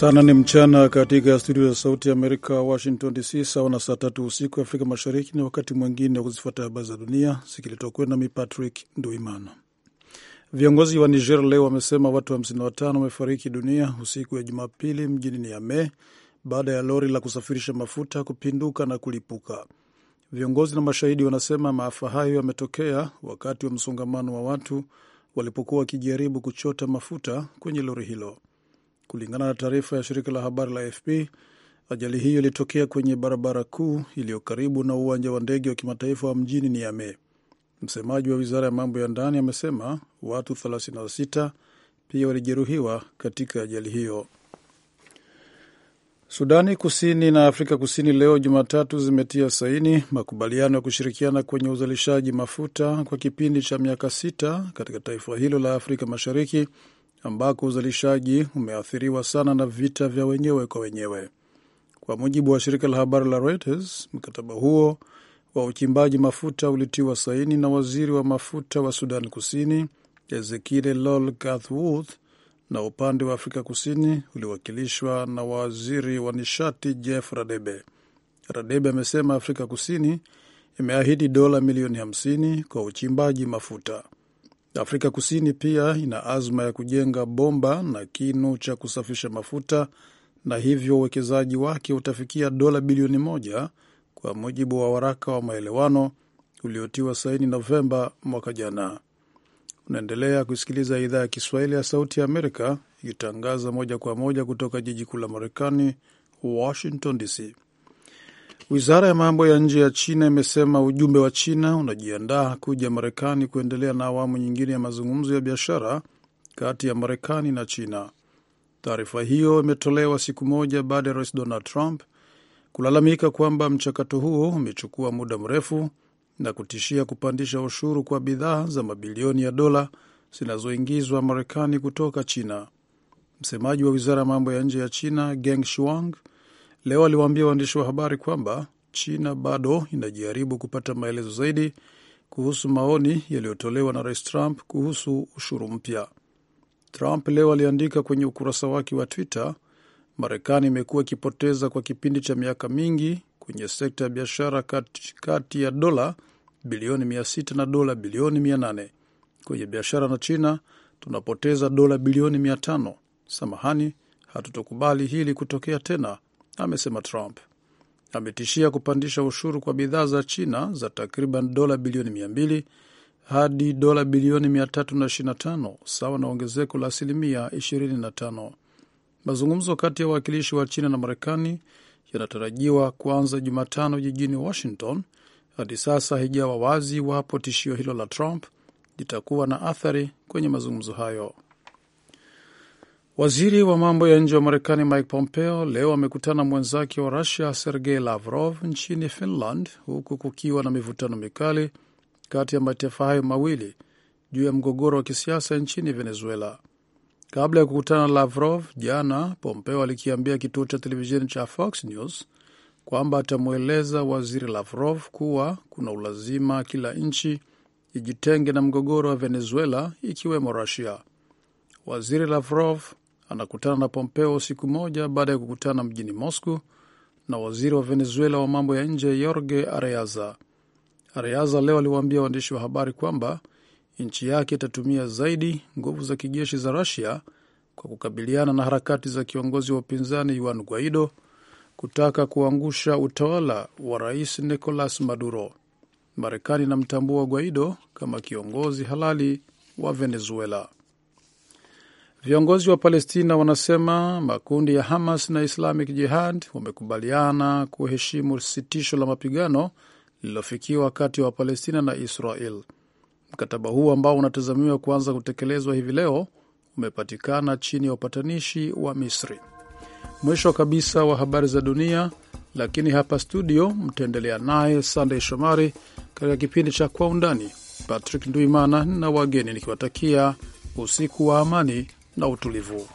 sana. Ni mchana katika studio za Sauti ya Amerika, Washington DC, sawa na saa tatu usiku Afrika Mashariki. Ni wakati mwingine wa kuzifuata habari za dunia, zikiletwa kwenu nami Patrick Nduimana. Viongozi wa Niger leo wamesema watu 55 wa wamefariki dunia usiku ya Jumapili mjini Niamey baada ya lori la kusafirisha mafuta kupinduka na kulipuka. Viongozi na mashahidi wanasema maafa hayo yametokea wakati wa msongamano wa watu walipokuwa wakijaribu kuchota mafuta kwenye lori hilo. Kulingana na taarifa ya shirika la habari la AFP, ajali hiyo ilitokea kwenye barabara kuu iliyo karibu na uwanja wa ndege wa kimataifa wa mjini Niamey. Msemaji wa wizara ya mambo ya ndani amesema watu 36 pia walijeruhiwa katika ajali hiyo. Sudani Kusini na Afrika Kusini leo Jumatatu zimetia saini makubaliano ya kushirikiana kwenye uzalishaji mafuta kwa kipindi cha miaka sita katika taifa hilo la Afrika Mashariki ambako uzalishaji umeathiriwa sana na vita vya wenyewe kwa wenyewe. Kwa mujibu wa shirika la habari la Reuters, mkataba huo wa uchimbaji mafuta ulitiwa saini na waziri wa mafuta wa Sudan Kusini Ezekiel Lol Gathwoth na upande wa Afrika Kusini uliwakilishwa na waziri wa nishati Jeff Radebe. Radebe amesema Afrika Kusini imeahidi dola milioni 50 kwa uchimbaji mafuta. Afrika Kusini pia ina azma ya kujenga bomba na kinu cha kusafisha mafuta na hivyo uwekezaji wake utafikia dola bilioni moja kwa mujibu wa waraka wa maelewano uliotiwa saini Novemba mwaka jana. Unaendelea kusikiliza idhaa ya Kiswahili ya Sauti ya Amerika ikitangaza moja kwa moja kutoka jiji kuu la Marekani, Washington DC. Wizara ya mambo ya nje ya China imesema ujumbe wa China unajiandaa kuja Marekani kuendelea na awamu nyingine ya mazungumzo ya biashara kati ya Marekani na China. Taarifa hiyo imetolewa siku moja baada ya rais Donald Trump kulalamika kwamba mchakato huo umechukua muda mrefu na kutishia kupandisha ushuru kwa bidhaa za mabilioni ya dola zinazoingizwa Marekani kutoka China. Msemaji wa wizara ya mambo ya nje ya China Geng Shuang leo aliwaambia waandishi wa habari kwamba China bado inajaribu kupata maelezo zaidi kuhusu maoni yaliyotolewa na Rais Trump kuhusu ushuru mpya. Trump leo aliandika kwenye ukurasa wake wa Twitter, Marekani imekuwa ikipoteza kwa kipindi cha miaka mingi kwenye sekta ya biashara kati, ya dola bilioni 600 na dola bilioni 800 kwenye biashara na China tunapoteza dola bilioni 500. Samahani, hatutokubali hili kutokea tena, amesema Trump. Ametishia kupandisha ushuru kwa bidhaa za China za takriban dola bilioni 200 hadi dola bilioni 325 sawa na ongezeko la asilimia 25. Mazungumzo kati ya wawakilishi wa China na Marekani yanatarajiwa kuanza Jumatano jijini Washington. Hadi sasa haijawa wazi iwapo tishio hilo la Trump litakuwa na athari kwenye mazungumzo hayo. Waziri wa mambo ya nje wa Marekani Mike Pompeo leo amekutana mwenzake wa Rusia Sergei Lavrov nchini Finland, huku kukiwa na mivutano mikali kati ya mataifa hayo mawili juu ya mgogoro wa kisiasa nchini Venezuela. Kabla ya kukutana na Lavrov jana, Pompeo alikiambia kituo cha televisheni cha Fox News kwamba atamweleza waziri Lavrov kuwa kuna ulazima kila nchi ijitenge na mgogoro wa Venezuela, ikiwemo Rusia. Waziri Lavrov anakutana na Pompeo siku moja baada ya kukutana mjini Moscow na waziri wa Venezuela wa mambo ya nje Jorge Areaza. Areaza leo aliwaambia waandishi wa habari kwamba nchi yake itatumia zaidi nguvu za kijeshi za Rusia kwa kukabiliana na harakati za kiongozi wa upinzani Juan Guaido kutaka kuangusha utawala wa rais Nicolas Maduro. Marekani inamtambua Guaido kama kiongozi halali wa Venezuela. Viongozi wa Palestina wanasema makundi ya Hamas na Islamic Jihad wamekubaliana kuheshimu sitisho la mapigano lililofikiwa kati ya wa Wapalestina na Israel. Mkataba huu ambao unatazamiwa kuanza kutekelezwa hivi leo umepatikana chini ya upatanishi wa Misri. Mwisho kabisa wa habari za dunia, lakini hapa studio mtaendelea naye Sandey Shomari katika kipindi cha Kwa Undani. Patrick Nduimana na wageni nikiwatakia usiku wa amani na utulivu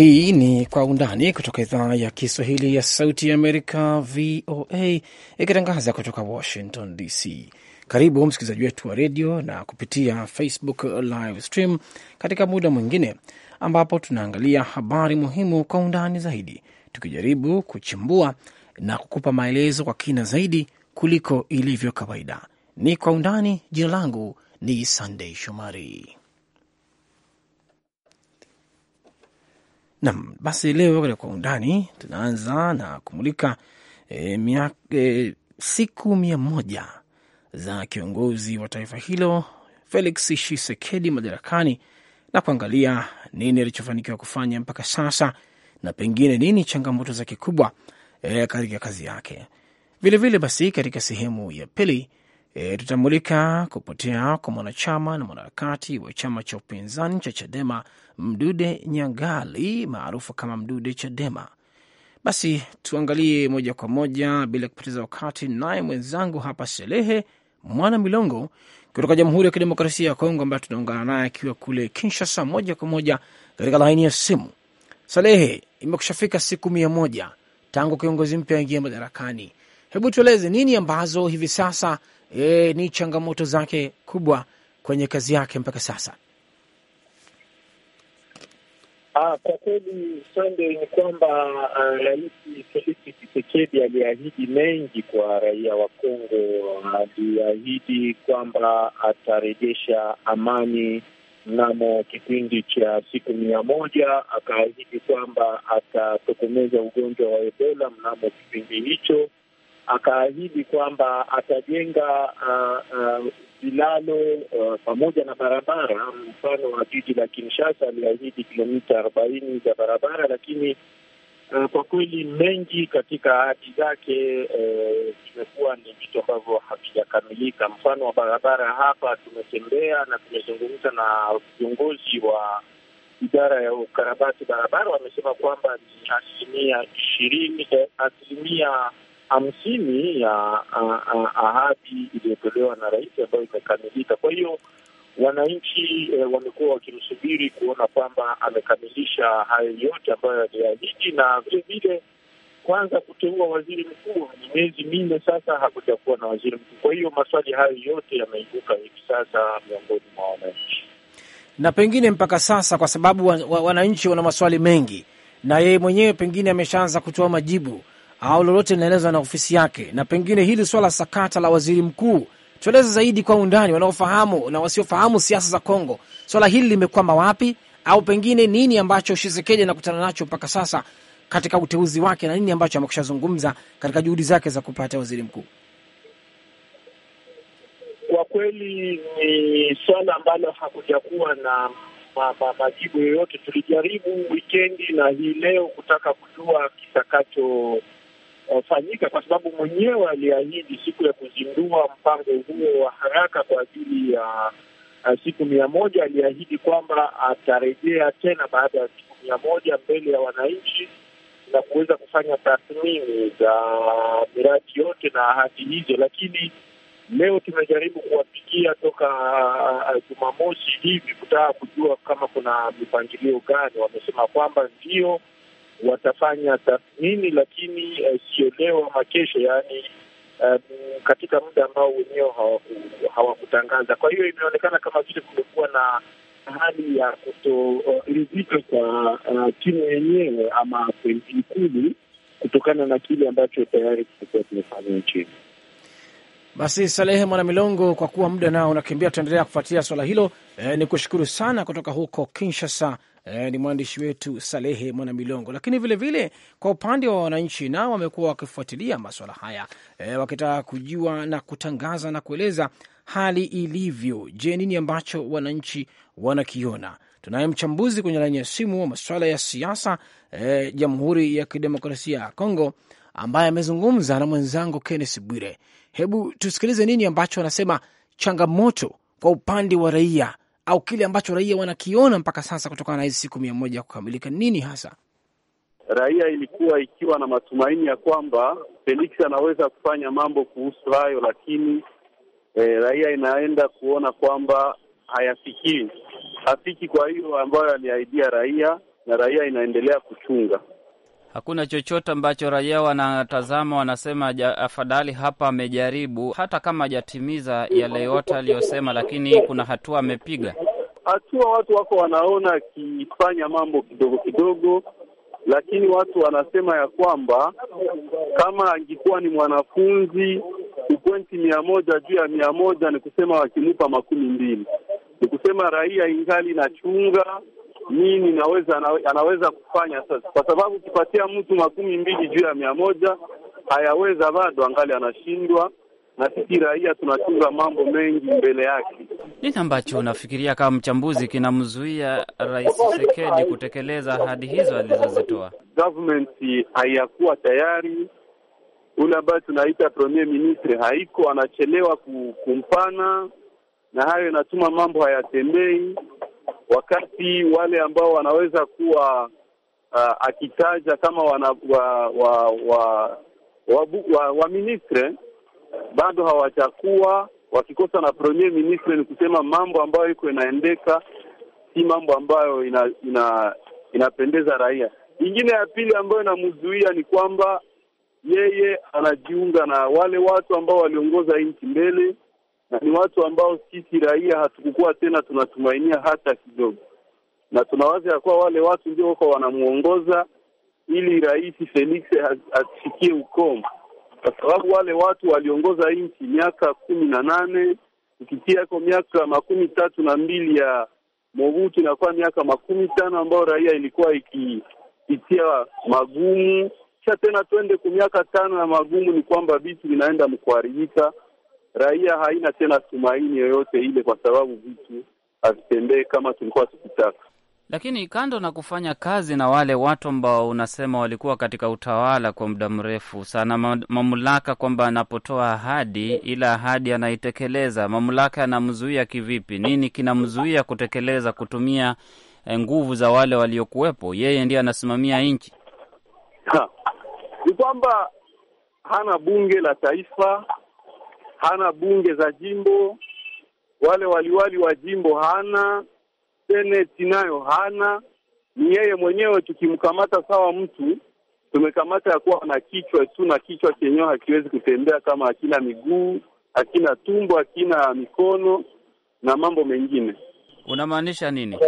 Hii ni Kwa Undani kutoka idhaa ya Kiswahili ya Sauti ya Amerika, VOA, ikitangaza kutoka Washington DC. Karibu msikilizaji wetu wa redio na kupitia Facebook live stream katika muda mwingine ambapo tunaangalia habari muhimu kwa undani zaidi, tukijaribu kuchimbua na kukupa maelezo kwa kina zaidi kuliko ilivyo kawaida. Ni Kwa Undani. Jina langu ni Sandei Shomari. Nam, basi leo katika kwa undani tunaanza na kumulika e, mia, e, siku mia moja za kiongozi wa taifa hilo Felix Tshisekedi madarakani na kuangalia nini alichofanikiwa kufanya mpaka sasa na pengine nini changamoto zake kubwa e, katika kazi yake. Vilevile basi katika sehemu ya pili E, tutamulika kupotea kwa mwanachama na mwanaharakati wa chama cha upinzani cha Chadema Mdude Nyagali maarufu kama Mdude Chadema. Basi tuangalie moja kwa moja bila kupoteza wakati, naye mwenzangu hapa Selehe Mwana Milongo kutoka Jamhuri ya Kidemokrasia ya Kongo ambaye tunaungana naye akiwa kule Kinshasa moja kwa moja katika laini ya simu. Salehe, imekushafika siku mia moja tangu kiongozi mpya aingia madarakani. Hebu tueleze nini ambazo hivi sasa e, ni changamoto zake kubwa kwenye kazi yake mpaka sasa? Ah, kwa kweli Sande, ni kwamba ah, Rais Felisi Chisekedi aliahidi mengi kwa raia wa Kongo. Aliahidi kwamba atarejesha amani mnamo kipindi cha siku mia moja. Akaahidi kwamba atatokomeza ugonjwa wa Ebola mnamo kipindi hicho akaahidi kwamba atajenga vilalo uh, uh, uh, pamoja na barabara. Mfano wa jiji la Kinshasa, aliahidi kilomita arobaini za barabara, lakini uh, kwa kweli mengi katika ahadi zake vimekuwa uh, ni vitu ambavyo havijakamilika. Mfano wa barabara hapa, tumetembea na tumezungumza na viongozi wa idara ya ukarabati barabara, wamesema kwamba ni asilimia ishirini eh, asilimia hamsini ya ahadi iliyotolewa na rais ambayo imekamilika. Kwa hiyo wananchi e, wamekuwa wakimsubiri kuona kwamba amekamilisha hayo yote ambayo aliahidi, na vilevile kwanza kuteua waziri mkuu. Ni miezi minne sasa hakujakuwa na waziri mkuu, kwa hiyo maswali hayo yote yameibuka hivi sasa miongoni mwa wananchi, na pengine mpaka sasa, kwa sababu wananchi wa, wana maswali mengi, na yeye mwenyewe pengine ameshaanza kutoa majibu au lolote linaelezwa na ofisi yake, na pengine hili swala sakata la waziri mkuu tueleze zaidi kwa undani, wanaofahamu na wasiofahamu siasa za Kongo, swala hili limekwama wapi, au pengine nini ambacho Tshisekedi anakutana nacho mpaka sasa katika uteuzi wake na nini ambacho amekushazungumza katika juhudi zake za kupata waziri mkuu? Kwa kweli ni swala ambalo hakujakuwa na majibu yoyote. Tulijaribu wikendi na hii leo kutaka kujua kisakacho fanyika kwa sababu mwenyewe aliahidi siku ya kuzindua mpango huo wa haraka kwa ajili ya eh, siku mia moja. Aliahidi kwamba atarejea tena baada ya siku mia moja mbele ya wananchi na kuweza kufanya tathmini za miradi yote na ahadi hizo, lakini leo tumejaribu kuwapigia toka eh, Jumamosi hivi kutaka kujua kama kuna mipangilio gani. Wamesema kwamba ndio watafanya tathmini, lakini eh, sio leo ama kesho, yaani um, katika muda ambao wenyewe hawakutangaza hawa. Kwa hiyo imeonekana kama vile kumekuwa na hali ya kutoridhika eh, uh, kwa uh, timu yenyewe ama ikulu kutokana na kile ambacho tayari kimekuwa kimefanya nchini. Basi Salehe mwana milongo kwa kuwa muda nao unakimbia, tutaendelea kufuatilia swala hilo. E, ni kushukuru sana kutoka huko Kinshasa, eh, ni mwandishi wetu Salehe Mwanamilongo. Lakini vilevile vile, kwa upande wa wananchi nao wamekuwa wakifuatilia maswala haya eh, wakitaka kujua na kutangaza na kueleza hali ilivyo. Je, nini ambacho wananchi wanakiona? Tunaye mchambuzi kwenye laini ya simu wa masuala ya siasa eh, Jamhuri eh, ya Kidemokrasia ya Kongo ambaye amezungumza na mwenzangu kennes Bwire. Hebu tusikilize nini ambacho anasema changamoto kwa upande wa raia au kile ambacho raia wanakiona mpaka sasa kutokana na hizi siku mia moja ya kukamilika? Nini hasa raia ilikuwa ikiwa na matumaini ya kwamba Felix anaweza kufanya mambo kuhusu hayo, lakini e, raia inaenda kuona kwamba hayafikii hafiki, kwa hiyo ambayo aliahidia raia, na raia inaendelea kuchunga Hakuna chochote ambacho raia wanatazama wanasema, ja, afadhali hapa amejaribu, hata kama hajatimiza yale yote aliyosema, lakini kuna hatua amepiga. Hatua watu wako wanaona akifanya mambo kidogo kidogo, lakini watu wanasema ya kwamba kama angekuwa ni mwanafunzi upwenti mia moja juu ya mia moja ni kusema wakimupa makumi mbili ni kusema raia ingali na chunga nini naweza anaweza, kufanya sasa, kwa sababu ukipatia mtu makumi mbili juu ya mia moja hayaweza bado, angali anashindwa na sisi raia tunachunga mambo mengi mbele yake. Nini ambacho unafikiria kama mchambuzi kinamzuia Rais Tshisekedi kutekeleza ahadi hizo alizozitoa? Government haiyakuwa tayari, ule ambayo tunaita premier ministre haiko, anachelewa kumpana, na hayo inatuma mambo hayatembei wakati wale ambao wanaweza kuwa uh, akitaja kama wana, wa, wa, wa, wa, wa, wa ministre bado hawachakuwa wakikosa na premier ministre, ni kusema mambo ambayo iko inaendeka si mambo ambayo ina, ina inapendeza raia. Ingine ya pili ambayo inamzuia ni kwamba yeye anajiunga na wale watu ambao waliongoza nchi mbele na ni watu ambao sisi raia hatukukuwa tena tunatumainia hata kidogo, na tunawaza ya kuwa wale watu ndio wako wanamuongoza ili Rais Felix asifikie ukomo, kwa sababu wale watu waliongoza nchi miaka kumi na nane ukitia ko miaka makumi tatu na mbili ya Mobutu inakuwa miaka makumi tano ambayo raia ilikuwa ikipitia magumu. Kisha tena twende ku miaka tano ya magumu, ni kwamba vitu vinaenda mkuharibika raia haina tena tumaini yoyote ile, kwa sababu vitu havitembee kama tulikuwa tukitaka. Lakini kando na kufanya kazi na wale watu ambao unasema walikuwa katika utawala kwa muda mrefu sana, mamlaka kwamba anapotoa ahadi, ila ahadi anaitekeleza, mamlaka yanamzuia kivipi? Nini kinamzuia kutekeleza, kutumia eh, nguvu za wale waliokuwepo? Yeye ndiye anasimamia nchi. Ni kwamba hana bunge la taifa, hana bunge za jimbo, wale waliwali wa jimbo hana, seneti nayo hana. Ni yeye mwenyewe. Tukimkamata sawa mtu tumekamata ya kuwa na kichwa tu, na kichwa chenyewe hakiwezi kutembea kama hakina miguu, hakina tumbo, hakina mikono na mambo mengine. Unamaanisha nini?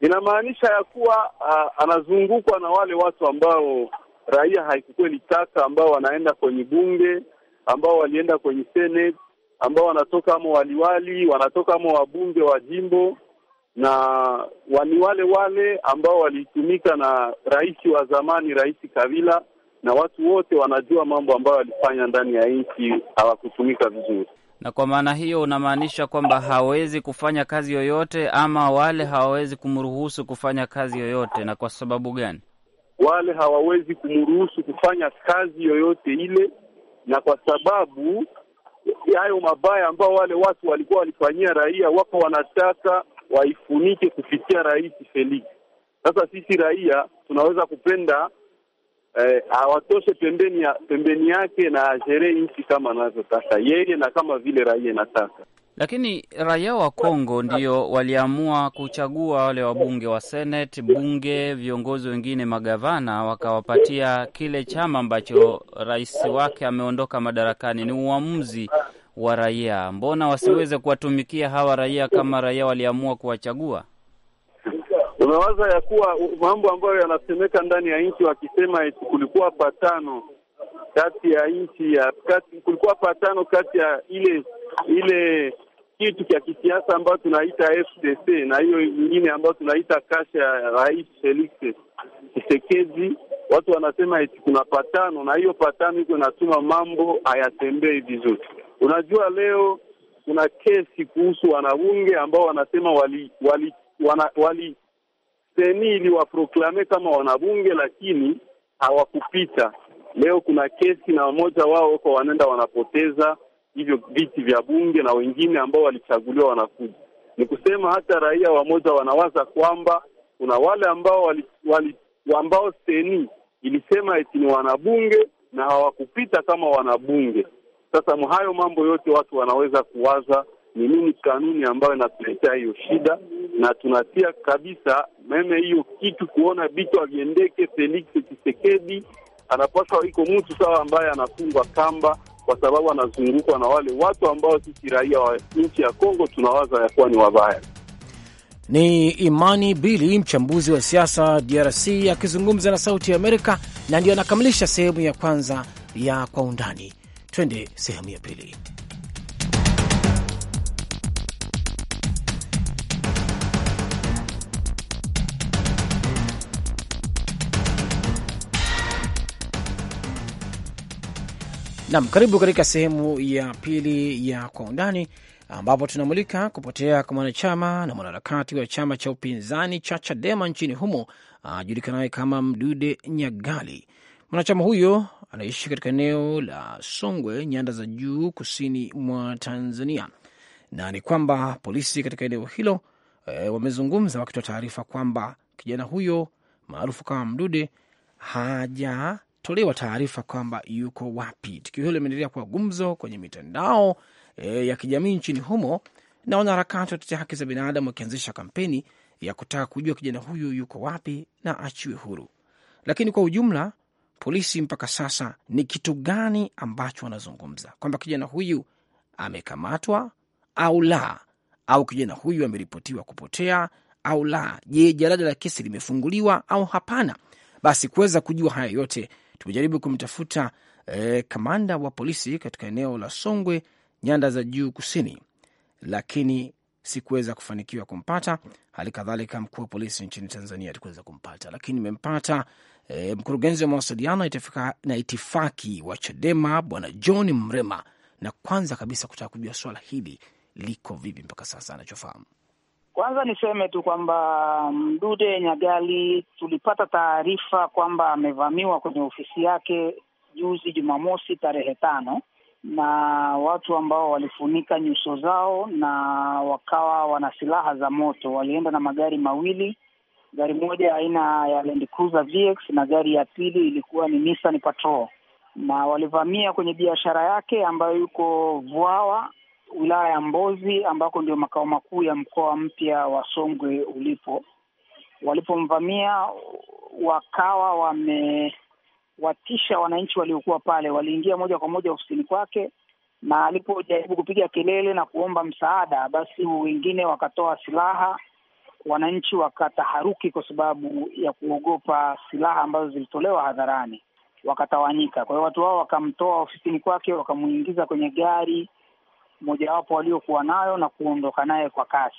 Inamaanisha ya kuwa uh, anazungukwa na wale watu ambao raia haikukweli taka, ambao wanaenda kwenye bunge ambao walienda kwenye Senate ambao wanatoka ama waliwali wanatoka ama wabunge wa jimbo na wani wale wale ambao walitumika na rais wa zamani, Rais Kabila, na watu wote wanajua mambo ambayo walifanya ndani ya nchi hawakutumika vizuri. Na kwa maana hiyo unamaanisha kwamba hawezi kufanya kazi yoyote, ama wale hawawezi kumruhusu kufanya kazi yoyote? Na kwa sababu gani wale hawawezi kumruhusu kufanya kazi yoyote ile? na kwa sababu hayo mabaya ambao wale watu walikuwa walifanyia raia, wako wanataka waifunike kupitia Rais Felix. Sasa sisi raia tunaweza kupenda eh, awatoshe pembeni ya pembeni yake na asheree nchi kama anavyotaka yeye na kama vile raia inataka. Lakini raia wa Kongo ndio waliamua kuchagua wale wabunge wa Senate, bunge, viongozi wengine, magavana, wakawapatia kile chama ambacho rais wake ameondoka madarakani. Ni uamuzi wa raia, mbona wasiweze kuwatumikia hawa raia kama raia waliamua kuwachagua? Unawaza ya kuwa mambo ambayo yanasemeka ndani ya nchi wakisema eti kulikuwa patano kati ya nchi ya kati, kulikuwa patano kati ya ile ile kitu cha kisiasa ambayo tunaita FCC na hiyo nyingine ambayo tunaita kasha ya Rais Felix Tshisekedi. Watu wanasema eti kuna patano, na hiyo patano iko inatuma mambo hayatembei vizuri. Unajua, leo kuna kesi kuhusu wanabunge ambao wanasema wali, wali, wana, wali seni iliwaproklame kama wanabunge lakini hawakupita. Leo kuna kesi na mmoja wao kwa wanaenda wanapoteza hivyo viti vya bunge na wengine ambao walichaguliwa wanakuja. Ni kusema hata raia wamoja wanawaza kwamba kuna wale ambao wali, wali, ambao seni ilisema eti ni wanabunge na hawakupita kama wanabunge. Sasa hayo mambo yote watu wanaweza kuwaza ni nini kanuni ambayo inatuletea hiyo shida, na tunatia kabisa meme hiyo kitu kuona vitu aviendeke. Felix Tshisekedi anapaswa iko mtu sawa ambaye anafungwa kamba kwa sababu anazungukwa na wale watu ambao sisi raia wa nchi ya Kongo tunawaza ya kuwa ni wabaya. Ni Imani Bili, mchambuzi wa siasa DRC, akizungumza na Sauti ya Amerika, na ndio anakamilisha sehemu ya kwanza ya Kwa Undani. Twende sehemu ya pili. Nam, karibu katika sehemu ya pili ya kwa undani ambapo tunamulika kupotea kwa mwanachama na mwanaharakati wa chama cha upinzani cha Chadema nchini humo ajulikanaye kama Mdude Nyagali. Mwanachama huyo anaishi katika eneo la Songwe, nyanda za juu kusini mwa Tanzania, na ni kwamba polisi katika eneo hilo e, wamezungumza wakitoa taarifa kwamba kijana huyo maarufu kama Mdude haja kutolewa taarifa kwamba yuko wapi. Tukio hilo limeendelea kuwa gumzo kwenye mitandao e, ya kijamii nchini humo na wanaharakati watetea haki za binadamu wakianzisha kampeni ya kutaka kujua kijana huyu yuko wapi na achiwe huru. Lakini kwa ujumla, polisi mpaka sasa ni kitu gani ambacho wanazungumza kwamba kijana huyu amekamatwa au la, au kijana huyu ameripotiwa kupotea au la? Je, jalada la kesi limefunguliwa au hapana? Basi kuweza kujua haya yote tumejaribu kumtafuta eh, kamanda wa polisi katika eneo la Songwe, nyanda za juu kusini, lakini sikuweza kufanikiwa kumpata. Hali kadhalika mkuu wa polisi nchini Tanzania atukuweza kumpata, lakini nimempata e, mkurugenzi wa mawasiliano na itifaki wa Chadema Bwana John Mrema, na kwanza kabisa kutaka kujua swala hili liko vipi mpaka sasa anachofahamu kwanza niseme tu kwamba Mdude Nyagali tulipata taarifa kwamba amevamiwa kwenye ofisi yake juzi Jumamosi tarehe tano na watu ambao walifunika nyuso zao na wakawa wana silaha za moto. Walienda na magari mawili, gari moja aina ya Land Cruiser VX na gari ya pili ilikuwa ni Nissan Patrol, na walivamia kwenye biashara yake ambayo yuko Vwawa wilaya ya Mbozi ambako ndio makao makuu ya mkoa mpya wa Songwe ulipo. Walipomvamia wakawa wamewatisha wananchi waliokuwa pale, waliingia moja kwa moja ofisini kwake, na alipojaribu kupiga kelele na kuomba msaada, basi wengine wakatoa silaha. Wananchi wakataharuki kwa sababu ya kuogopa silaha ambazo zilitolewa hadharani, wakatawanyika. Kwa hiyo watu hao wakamtoa ofisini kwake, wakamuingiza kwenye gari mojawapo waliokuwa nayo na kuondoka naye kwa kasi.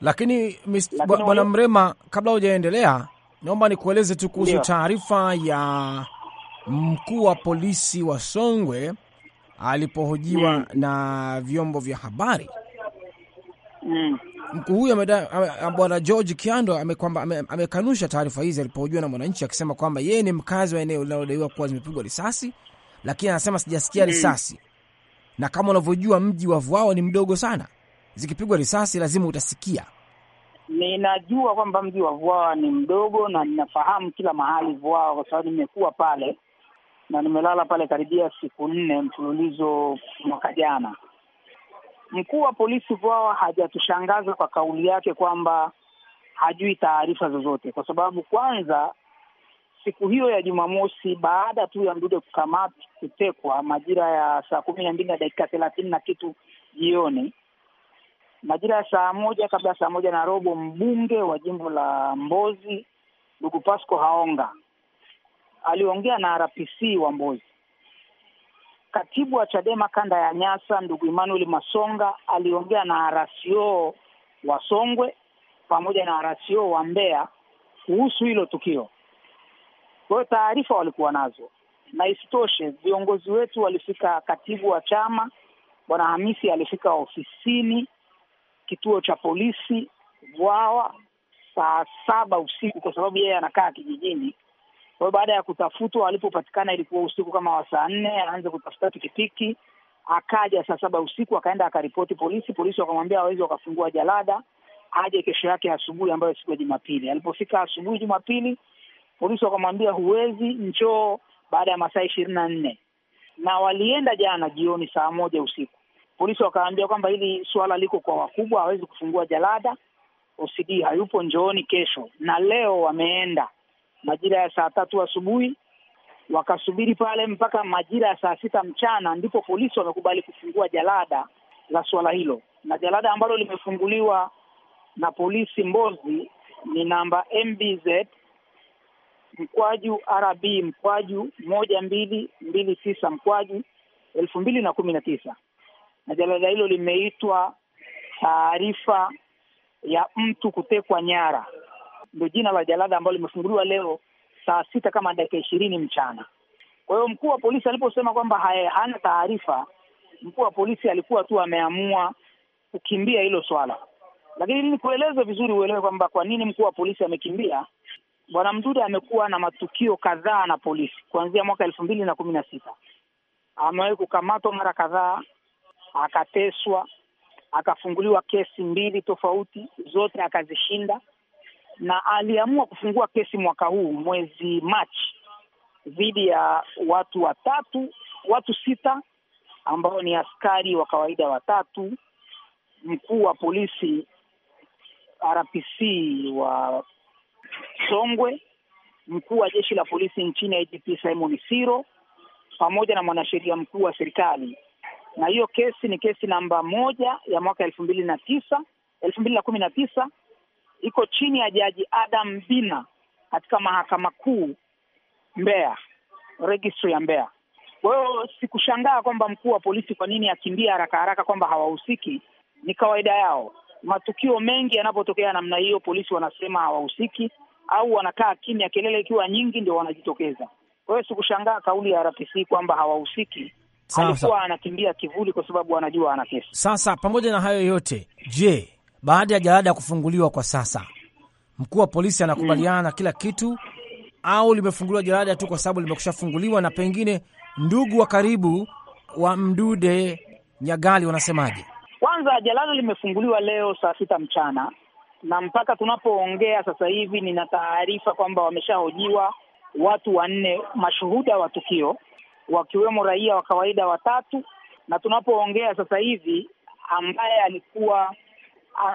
Lakini bwana Mrema, kabla hujaendelea, naomba nikueleze tu kuhusu taarifa ya mkuu wa polisi wa Songwe alipohojiwa mm. na vyombo vya habari mm. Mkuu huyu bwana George Kiando amekanusha ame taarifa hizi alipohojiwa na Mwananchi akisema kwamba yeye ni mkazi wa eneo linalodaiwa kuwa zimepigwa risasi, lakini anasema sijasikia mm. risasi na kama unavyojua mji wa Vwao ni mdogo sana, zikipigwa risasi lazima utasikia. Ninajua kwamba mji wa Vwawa ni mdogo na ninafahamu kila mahali Vwawa kwa sababu nimekuwa pale na nimelala pale karibia siku nne mfululizo mwaka jana. Mkuu wa polisi Vwawa hajatushangaza kwa kauli yake kwamba hajui taarifa zozote, kwa sababu kwanza siku hiyo ya Jumamosi baada tu ya Mdude kukamatwa kutekwa majira ya saa kumi na mbili na dakika thelathini na kitu jioni, majira ya saa moja kabla ya saa moja na robo, mbunge wa jimbo la Mbozi ndugu Pasco Haonga aliongea na RPC wa Mbozi. Katibu wa Chadema kanda ya Nyasa ndugu Emmanuel Masonga aliongea na RCO wa Songwe pamoja na RCO wa Mbeya kuhusu hilo tukio kwa hiyo taarifa walikuwa nazo, na isitoshe viongozi wetu walifika, katibu wa chama Bwana Hamisi alifika ofisini, kituo cha polisi Vwawa saa saba usiku, kwa sababu yeye anakaa kijijini. Kwa hiyo baada ya kutafutwa, alipopatikana ilikuwa usiku kama wa saa nne, aanze kutafuta pikipiki akaja saa saba usiku akaenda akaripoti polisi. Polisi wakamwambia awezi wakafungua jalada, aje kesho yake asubuhi, ambayo siku ya Jumapili. Alipofika asubuhi Jumapili, polisi wakamwambia huwezi, njoo baada ya masaa ishirini na nne na walienda jana jioni saa moja usiku. Polisi wakaambia kwamba hili suala liko kwa wakubwa, hawezi kufungua jalada, OCD hayupo, njooni kesho. Na leo wameenda majira ya saa tatu asubuhi wakasubiri pale mpaka majira ya saa sita mchana ndipo polisi wamekubali kufungua jalada la suala hilo, na jalada ambalo limefunguliwa na polisi Mbozi ni namba MBZ mkwaju RB mkwaju moja mbili mbili tisa mkwaju elfu mbili na kumi na tisa na jalada hilo limeitwa taarifa ya mtu kutekwa nyara, ndio jina la jalada ambalo limefunguliwa leo saa sita kama dakika ishirini mchana. Kwa hiyo mkuu wa polisi aliposema kwamba hana taarifa, mkuu wa polisi alikuwa tu ameamua kukimbia hilo swala, lakini ili nikueleze vizuri uelewe kwamba kwa nini mkuu wa polisi amekimbia, Bwana Mdude amekuwa na matukio kadhaa na polisi kuanzia mwaka elfu mbili na kumi na sita. Amewahi kukamatwa mara kadhaa, akateswa, akafunguliwa kesi mbili tofauti, zote akazishinda, na aliamua kufungua kesi mwaka huu mwezi Machi dhidi ya watu watatu, watu sita ambao ni askari wa kawaida watatu, mkuu wa polisi RPC wa Songwe, mkuu wa jeshi la polisi nchini IGP Simon Siro pamoja na mwanasheria mkuu wa serikali. Na hiyo kesi ni kesi namba moja ya mwaka elfu mbili na tisa elfu mbili na kumi na tisa iko chini ya jaji Adam Bina katika mahakama kuu Mbeya, registry ya Mbeya. Kwa hiyo sikushangaa kwamba mkuu wa polisi kwa nini akimbia haraka haraka kwamba hawahusiki. Ni kawaida yao, matukio mengi yanapotokea namna hiyo, polisi wanasema hawahusiki, au wanakaa kimya, kelele ikiwa nyingi ndio wanajitokeza. Kwa hiyo sikushangaa kauli ya RPC kwamba hawahusiki. Alikuwa anakimbia kivuli kwa sababu anajua ana kesi. Sasa pamoja na hayo yote, je, baada ya jalada ya kufunguliwa kwa sasa, mkuu wa polisi anakubaliana na mm, kila kitu au limefunguliwa jalada tu kwa sababu limekushafunguliwa? Na pengine ndugu wa karibu wa Mdude Nyagali wanasemaje? Kwanza jalada limefunguliwa leo saa sita mchana na mpaka tunapoongea sasa hivi nina taarifa kwamba wameshahojiwa watu wanne mashuhuda wa tukio wakiwemo raia wa kawaida watatu, na tunapoongea sasa hivi ambaye alikuwa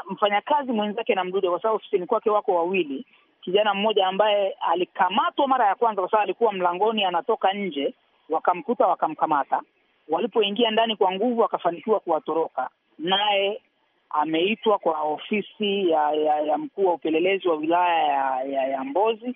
mfanyakazi mwenzake na mdude, kwa sababu ofisini kwake wako wawili, kijana mmoja ambaye alikamatwa mara ya kwanza, kwa sababu alikuwa mlangoni anatoka nje, wakamkuta wakamkamata, walipoingia ndani kwa nguvu wakafanikiwa kuwatoroka, naye ameitwa kwa ofisi ya, ya, ya mkuu wa upelelezi wa wilaya ya, ya, ya Mbozi.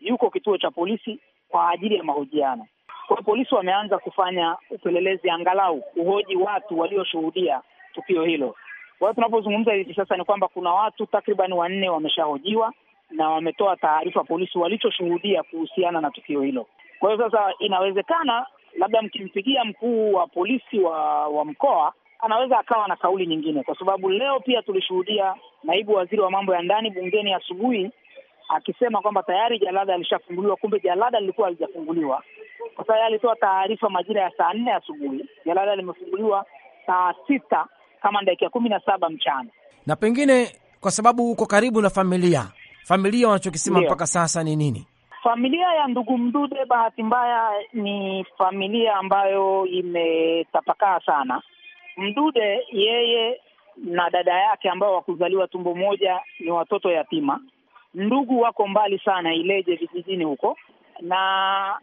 Yuko kituo cha polisi kwa ajili ya mahojiano. Kwa hiyo polisi wameanza kufanya upelelezi, angalau kuhoji watu walioshuhudia tukio hilo. Kwa hiyo tunapozungumza hivi sasa ni kwamba kuna watu takriban wanne wameshahojiwa na wametoa taarifa polisi walichoshuhudia kuhusiana na tukio hilo. Kwa hiyo sasa inawezekana labda mkimpigia mkuu wa polisi wa, wa mkoa anaweza akawa na kauli nyingine, kwa sababu leo pia tulishuhudia naibu waziri wa mambo ya ndani bungeni asubuhi akisema kwamba tayari jalada alishafunguliwa, kumbe jalada lilikuwa halijafunguliwa, kwa sababu alitoa taarifa majira ya saa nne asubuhi. Jalada limefunguliwa saa sita kama dakika kumi na saba mchana, na pengine kwa sababu uko karibu na familia, familia wanachokisema mpaka sasa ni nini? Familia ya ndugu Mdude bahati mbaya ni familia ambayo imetapakaa sana Mdude yeye na dada yake ambao wakuzaliwa tumbo moja ni watoto yatima, ndugu wako mbali sana, Ileje vijijini huko, na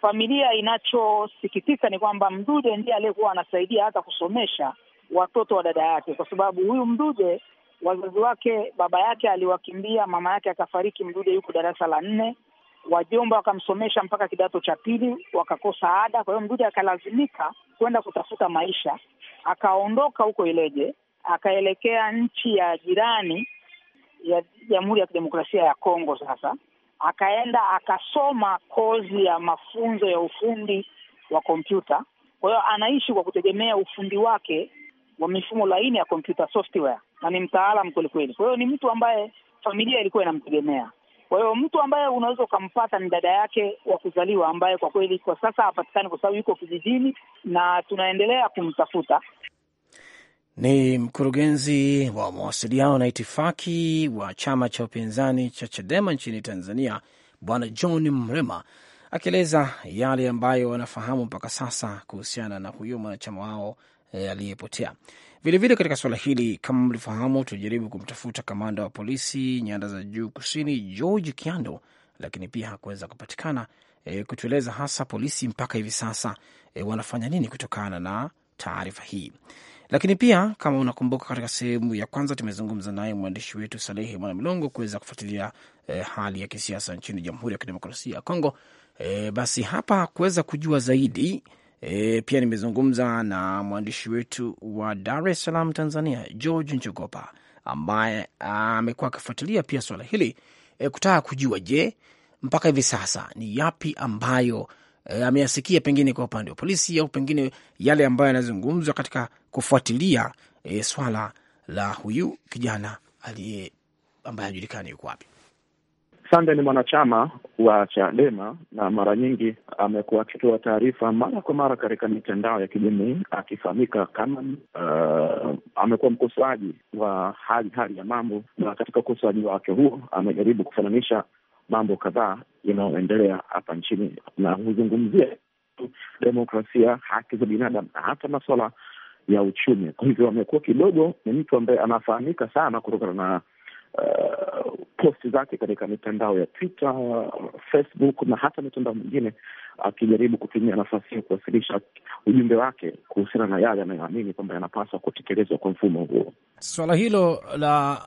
familia. Inachosikitika ni kwamba Mdude ndiye aliyekuwa anasaidia hata kusomesha watoto wa dada yake, kwa sababu huyu Mdude wazazi wake, baba yake aliwakimbia, mama yake akafariki, Mdude yuko darasa la nne wajomba wakamsomesha mpaka kidato cha pili, wakakosa ada. Kwa hiyo Mdude akalazimika kwenda kutafuta maisha, akaondoka huko Ileje akaelekea nchi ya jirani ya Jamhuri ya Kidemokrasia ya Kongo. Sasa akaenda akasoma kozi ya mafunzo ya ufundi wa kompyuta. Kwa hiyo anaishi kwa kutegemea ufundi wake wa mifumo laini ya kompyuta software, na ni mtaalam kwelikweli. Kwa hiyo ni mtu ambaye familia ilikuwa inamtegemea. Kwa hiyo mtu ambaye unaweza ukampata ni dada yake wa kuzaliwa ambaye kwa kweli kwa sasa hapatikani kwa sababu yuko kijijini na tunaendelea kumtafuta. Ni mkurugenzi wa mawasiliano na itifaki wa chama cha upinzani cha Chadema nchini Tanzania, Bwana John Mrema akieleza yale ambayo wanafahamu mpaka sasa kuhusiana na huyo mwanachama wao e, aliyepotea. Vilevile katika suala hili, kama mlivyofahamu, tulijaribu kumtafuta kamanda wa polisi nyanda za juu kusini George Kiando, lakini pia hakuweza kupatikana e, kutueleza hasa polisi mpaka hivi sasa e, wanafanya nini kutokana na taarifa hii. Lakini pia kama unakumbuka, katika sehemu ya kwanza tumezungumza naye mwandishi wetu Salehi Mwanamilongo kuweza kufuatilia e, hali ya kisiasa nchini Jamhuri ya Kidemokrasia ya Kongo. E, basi hapa kuweza kujua zaidi E, pia nimezungumza na mwandishi wetu wa Dar es Salaam Tanzania, George Njogopa ambaye amekuwa akifuatilia pia swala hili e, kutaka kujua je, mpaka hivi sasa ni yapi ambayo e, ameyasikia pengine kwa upande wa polisi au pengine yale ambayo yanazungumzwa katika kufuatilia e, swala la huyu kijana aliye ambaye hajulikani yuko wapi. Sande ni mwanachama wa Chadema na mara nyingi amekuwa akitoa taarifa mara kwa mara katika mitandao ya kijamii akifahamika kama uh, amekuwa mkosoaji wa hali hali ya mambo, na katika ukosoaji wake huo amejaribu kufananisha mambo kadhaa yanayoendelea hapa nchini na huzungumzia demokrasia, haki za binadamu na hata masuala ya uchumi. Kwa hivyo amekuwa kidogo ni mtu ambaye anafahamika sana kutokana na uh, posti zake katika mitandao ya Twitter, Facebook na hata mitandao mingine, akijaribu kutumia nafasi hiyo kuwasilisha ujumbe wake kuhusiana na yale anayoamini kwamba yanapaswa kutekelezwa kwa mfumo huo. Swala hilo la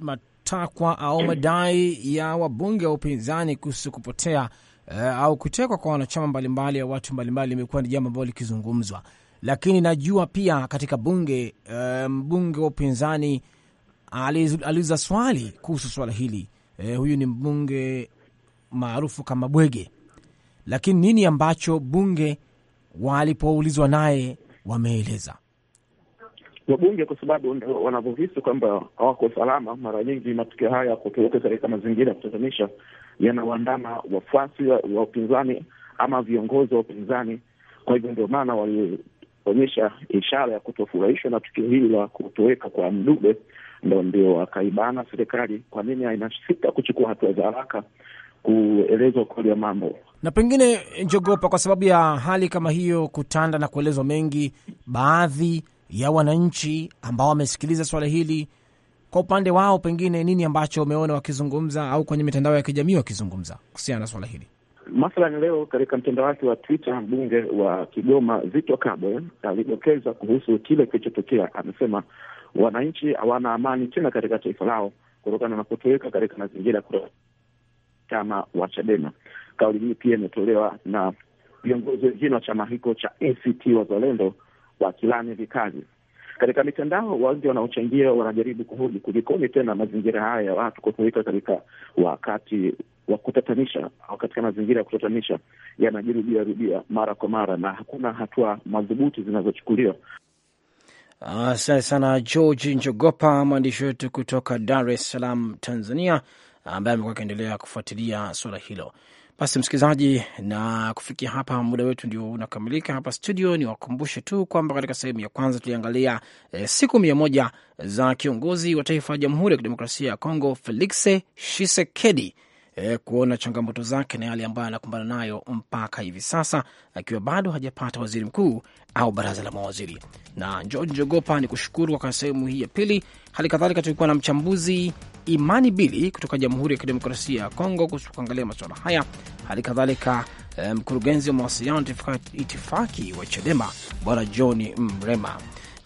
matakwa au madai ya wabunge wa upinzani kuhusu kupotea uh, au kutekwa kwa wanachama mbalimbali au watu mbalimbali limekuwa ni jambo ambalo likizungumzwa, lakini najua pia katika bunge uh, mbunge um, wa upinzani aliuliza swali kuhusu swala hili e, huyu ni mbunge maarufu kama Bwege, lakini nini ambacho bunge walipoulizwa naye wameeleza wabunge kwa sababu ndio wanavyohisi kwamba hawako salama. Mara nyingi matukio haya ya katika mazingira ya kutatanisha yanawaandama wafuasi wa upinzani ama viongozi wa upinzani. Kwa hivyo ndio maana walionyesha ishara ya kutofurahishwa na tukio hili la kutoweka kwa Mdube ndo ndio wakaibana serikali, kwa nini inasita kuchukua hatua za haraka kuelezwa ukweli wa mambo. Na pengine njogopa, kwa sababu ya hali kama hiyo kutanda na kuelezwa mengi, baadhi ya wananchi ambao wamesikiliza swala hili kwa upande wao, pengine nini ambacho umeona wakizungumza au kwenye mitandao ya kijamii wakizungumza kuhusiana na swala hili? Mathalan, leo katika mtandao wake wa Twitter, mbunge wa Kigoma Zito Kabwe alidokeza kuhusu kile kilichotokea. Amesema wananchi hawana amani tena katika taifa lao kutokana na kutoweka katika mazingira chama wa Chadema. Kauli hii pia imetolewa na viongozi wengine wa chama hicho cha ACT Wazalendo wakilani vikazi katika mitandao. Wengi wanaochangia wanajaribu kurudi kulikoni tena mazingira haya ya watu kutoweka katika wakati wa kutatanisha au katika mazingira ya kutatanisha yanajirudiarudia mara kwa mara, na hakuna hatua madhubuti zinazochukuliwa. Asante sana George Njogopa, mwandishi wetu kutoka Dar es Salaam, Tanzania, ambaye amekuwa akiendelea kufuatilia suala hilo. Basi msikilizaji, na kufikia hapa muda wetu ndio unakamilika hapa studio. Ni wakumbushe tu kwamba katika sehemu ya kwanza tuliangalia e, siku mia moja za kiongozi wa taifa ya Jamhuri ya Kidemokrasia ya Kongo Felix Tshisekedi eh, kuona changamoto zake na yale ambayo anakumbana nayo mpaka hivi sasa, akiwa bado hajapata waziri mkuu au baraza la mawaziri. Na George Njogopa, ni kushukuru kwa sehemu hii ya pili. Hali kadhalika tulikuwa na mchambuzi Imani Bili kutoka Jamhuri ya Kidemokrasia ya Kongo kuangalia masuala haya, hali kadhalika e, mkurugenzi wa mawasiliano itifaki wa CHADEMA Bwana John Mrema,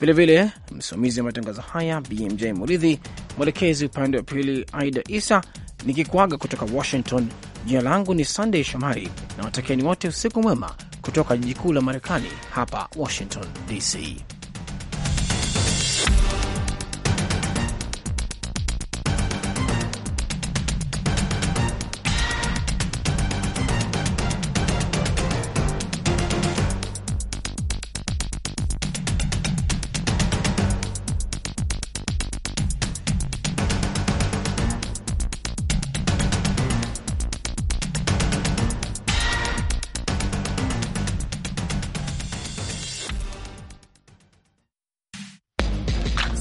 vilevile msimamizi wa matangazo haya BMJ Muridhi, mwelekezi upande wa pili Aida Isa nikikwaga kutoka Washington. Jina langu ni sandey Shomari na watakieni wote usiku mwema kutoka jiji kuu la Marekani hapa Washington DC.